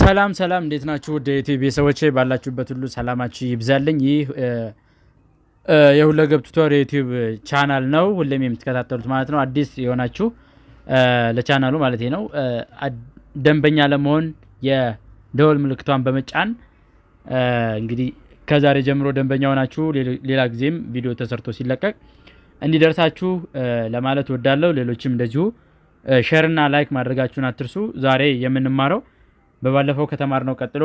ሰላም ሰላም፣ እንዴት ናችሁ? ወደ ዩቲዩብ ቤተሰቦቼ ባላችሁበት ሁሉ ሰላማችሁ ይብዛልኝ። ይህ የሁለገብ ቱቶር የዩቲዩብ ቻናል ነው፣ ሁሌም የምትከታተሉት ማለት ነው። አዲስ የሆናችሁ ለቻናሉ ማለት ነው ደንበኛ ለመሆን የደወል ምልክቷን በመጫን እንግዲህ ከዛሬ ጀምሮ ደንበኛ ሆናችሁ ሌላ ጊዜም ቪዲዮ ተሰርቶ ሲለቀቅ እንዲደርሳችሁ ለማለት ወዳለሁ። ሌሎችም እንደዚሁ ሼርና ላይክ ማድረጋችሁን አትርሱ። ዛሬ የምንማረው በባለፈው ከተማርነው ቀጥሎ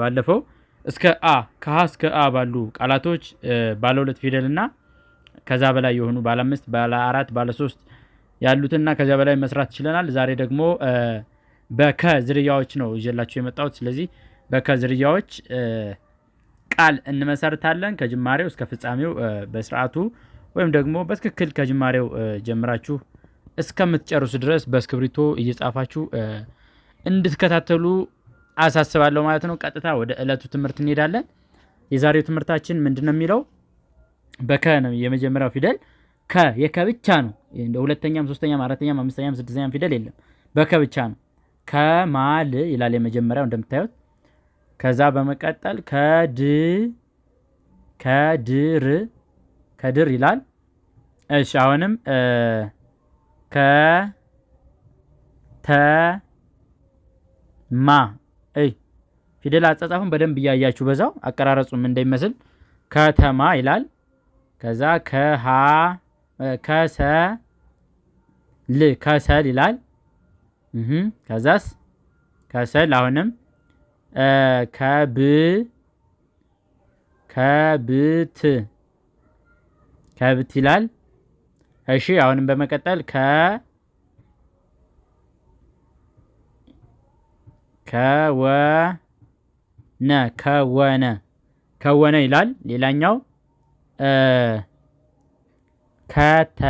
ባለፈው እስከ አ ከሀ እስከ አ ባሉ ቃላቶች ባለ ሁለት ፊደል እና ከዛ በላይ የሆኑ ባለ አምስት፣ ባለ አራት፣ ባለ ሶስት ያሉትና ከዚያ በላይ መስራት ችለናል። ዛሬ ደግሞ በከ ዝርያዎች ነው ይዤላችሁ የመጣሁት። ስለዚህ በከ ዝርያዎች ቃል እንመሰርታለን። ከጅማሬው እስከ ፍጻሜው በስርዓቱ ወይም ደግሞ በትክክል ከጅማሬው ጀምራችሁ እስከምትጨርሱ ድረስ በእስክብሪቶ እየጻፋችሁ እንድትከታተሉ አሳስባለሁ ማለት ነው። ቀጥታ ወደ ዕለቱ ትምህርት እንሄዳለን። የዛሬው ትምህርታችን ምንድን ነው የሚለው በከ ነው የመጀመሪያው ፊደል ከ የከ ብቻ ነው። እንደ ሁለተኛም፣ ሶስተኛም፣ አራተኛም፣ አምስተኛም ስድስተኛም ፊደል የለም። በከ ብቻ ነው። ከማል ይላል የመጀመሪያው እንደምታዩት። ከዛ በመቀጠል ከድ ከድር ከድር ይላል። እሺ አሁንም ከተ ማ እይ ፊደል አጻጻፉን በደንብ እያያችሁ በዛው አቀራረጹም እንደሚመስል ከተማ ይላል። ከዛ ከሰ ከሰል ከሰል ይላል። ከዛስ ከሰል አሁንም ከብ ከብት ከብት ይላል። እሺ አሁንም በመቀጠል ከ ከወነ ከወነ ከወነ ይላል። ሌላኛው ከተ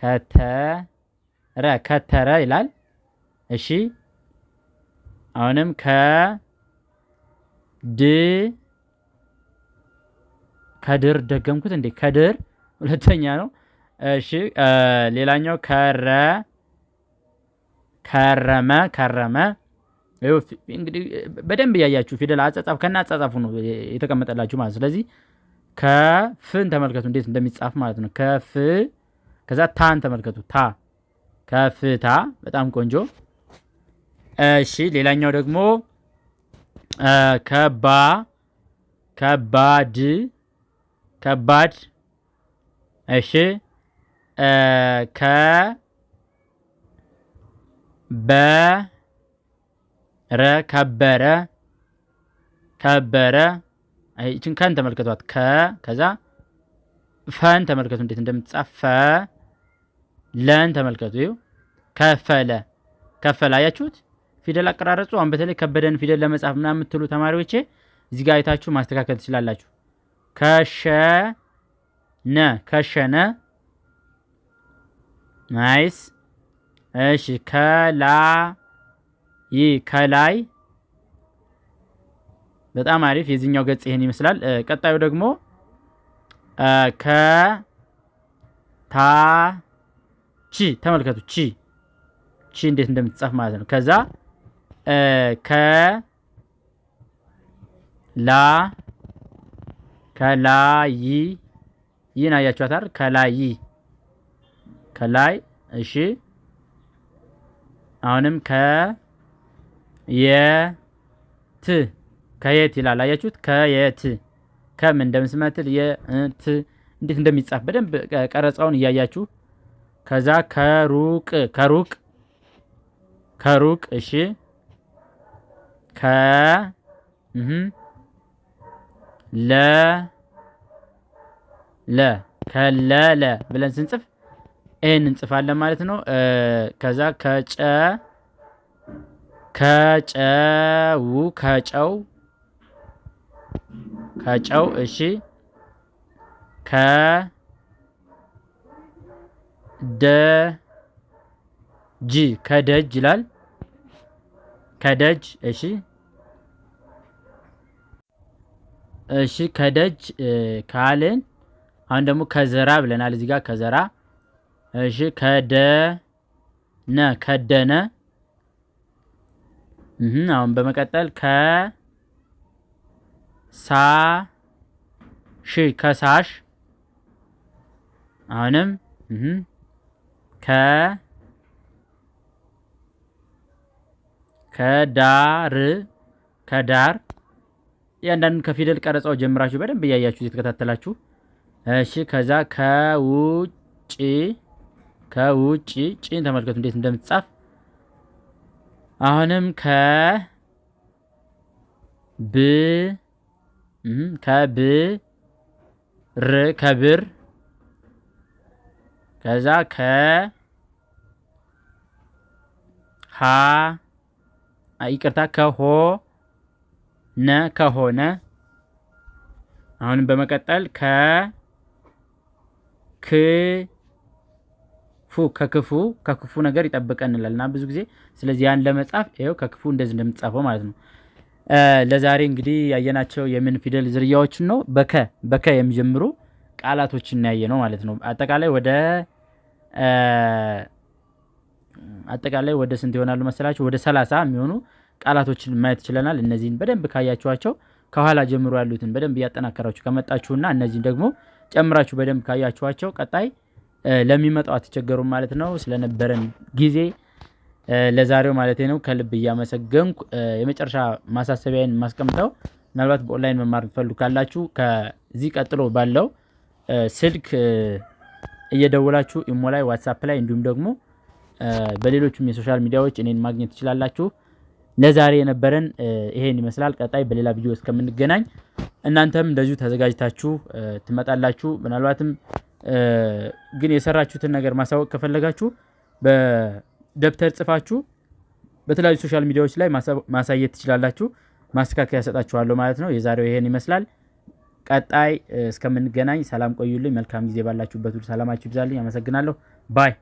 ከተረ ከተረ ይላል። እሺ አሁንም ከድ ከድር ደገምኩት እንዴ? ከድር ሁለተኛ ነው። እሺ ሌላኛው ከረ ከረመ ከረመ እንግዲህ በደንብ እያያችሁ ፊደል አጻጻፍ ከና አጻጻፉ ነው የተቀመጠላችሁ ማለት። ስለዚህ ከፍን ተመልከቱ እንዴት እንደሚጻፍ ማለት ነው። ከፍ ከዛ ታን ተመልከቱ ታ ከፍታ። በጣም ቆንጆ። እሺ ሌላኛው ደግሞ ከባ ከባድ ከባድ። እሺ ከ በረ ከበረ ከበረ ይችን ከን ተመልከቷት። ከ ከዛ ፈን ተመልከቱ እንዴት እንደምትጻፍ ፈ ለን ተመልከቱ። ይኸው ከፈለ ከፈለ። አያችሁት ፊደል አቀራረጹ። አሁን በተለይ ከበደን ፊደል ለመጻፍ ምናምን የምትሉ ተማሪዎች እዚህ ጋር አይታችሁ ማስተካከል ትችላላችሁ። ከሸነ ከሸነ ናይስ እሺ ከላይ ከላይ በጣም አሪፍ። የዚህኛው ገጽ ይሄን ይመስላል። ቀጣዩ ደግሞ ቺ ተመልከቱ። ቺ ቺ እንዴት እንደምትጻፍ ማለት ነው። ከዛ ከላ ከላይ ይህን አያችኋታል። ከላይ ከላይ እሺ አሁንም ከ የት ከየት ይላል። አያችሁት? ከየት ከም እንደምስመትል የት እንዴት እንደሚጻፍ በደንብ ቀረጻውን እያያችሁ ከዛ ከሩቅ ከሩቅ ከሩቅ እሺ ከ ለ ለ ከለለ ብለን ስንጽፍ ኤን እንጽፋለን ማለት ነው። ከዛ ከጨ ከጨው ከጨው ከጨው እሺ ከ ደጅ ከደጅ ይላል። ከደጅ እሺ እሺ ከደጅ ካልን አሁን ደግሞ ከዘራ ብለናል። እዚህ ጋር ከዘራ እሺ ከደነ ከደነ። አሁን በመቀጠል ከሳሽ ከሳሽ። አሁንም ከ ከዳር ከዳር። እያንዳንዱን ከፊደል ቀረጻው ጀምራችሁ በደንብ እያያችሁ እየተከታተላችሁ እሺ። ከዛ ከውጭ ከውጭ ጭን ተመልከቱ እንዴት እንደምትጻፍ አሁንም ከ ብ ከብ ር ከብር ከዛ ከ ሀ ይቅርታ ከሆ ነ ከሆነ አሁንም በመቀጠል ከ ክ ፉ ከክፉ ከክፉ ነገር ይጠብቀን እንላልና ብዙ ጊዜ። ስለዚህ ያን ለመጻፍ ይኸው ከክፉ እንደዚህ እንደምትጻፈው ማለት ነው። ለዛሬ እንግዲህ ያየናቸው የምን ፊደል ዝርያዎችን ነው። በከ በከ የሚጀምሩ ቃላቶችን ያየ ነው ማለት ነው። አጠቃላይ ወደ አጠቃላይ ወደ ስንት ይሆናሉ መሰላችሁ? ወደ ሰላሳ የሚሆኑ ቃላቶችን ማየት ችለናል። እነዚህን በደንብ ካያችኋቸው ከኋላ ጀምሮ ያሉትን በደንብ እያጠናከራችሁ ከመጣችሁና እነዚህን ደግሞ ጨምራችሁ በደንብ ካያችኋቸው ቀጣይ ለሚመጣው አትቸገሩም ማለት ነው። ስለነበረን ጊዜ ለዛሬው ማለት ነው ከልብ እያመሰገንኩ የመጨረሻ ማሳሰቢያን ማስቀምጠው ምናልባት በኦንላይን መማር ትፈልጉ ካላችሁ ከዚህ ቀጥሎ ባለው ስልክ እየደወላችሁ ኢሞ ላይ፣ ዋትሳፕ ላይ እንዲሁም ደግሞ በሌሎችም የሶሻል ሚዲያዎች እኔን ማግኘት ትችላላችሁ። ለዛሬ የነበረን ይሄን ይመስላል። ቀጣይ በሌላ ቪዲዮ እስከምንገናኝ እናንተም እንደዚሁ ተዘጋጅታችሁ ትመጣላችሁ ምናልባትም ግን የሰራችሁትን ነገር ማሳወቅ ከፈለጋችሁ በደብተር ጽፋችሁ በተለያዩ ሶሻል ሚዲያዎች ላይ ማሳየት ትችላላችሁ። ማስተካከያ ሰጣችኋለሁ ማለት ነው። የዛሬው ይሄን ይመስላል። ቀጣይ እስከምንገናኝ ሰላም ቆዩልኝ። መልካም ጊዜ ባላችሁበት ሁሉ ሰላማችሁ ይብዛልኝ። አመሰግናለሁ። ባይ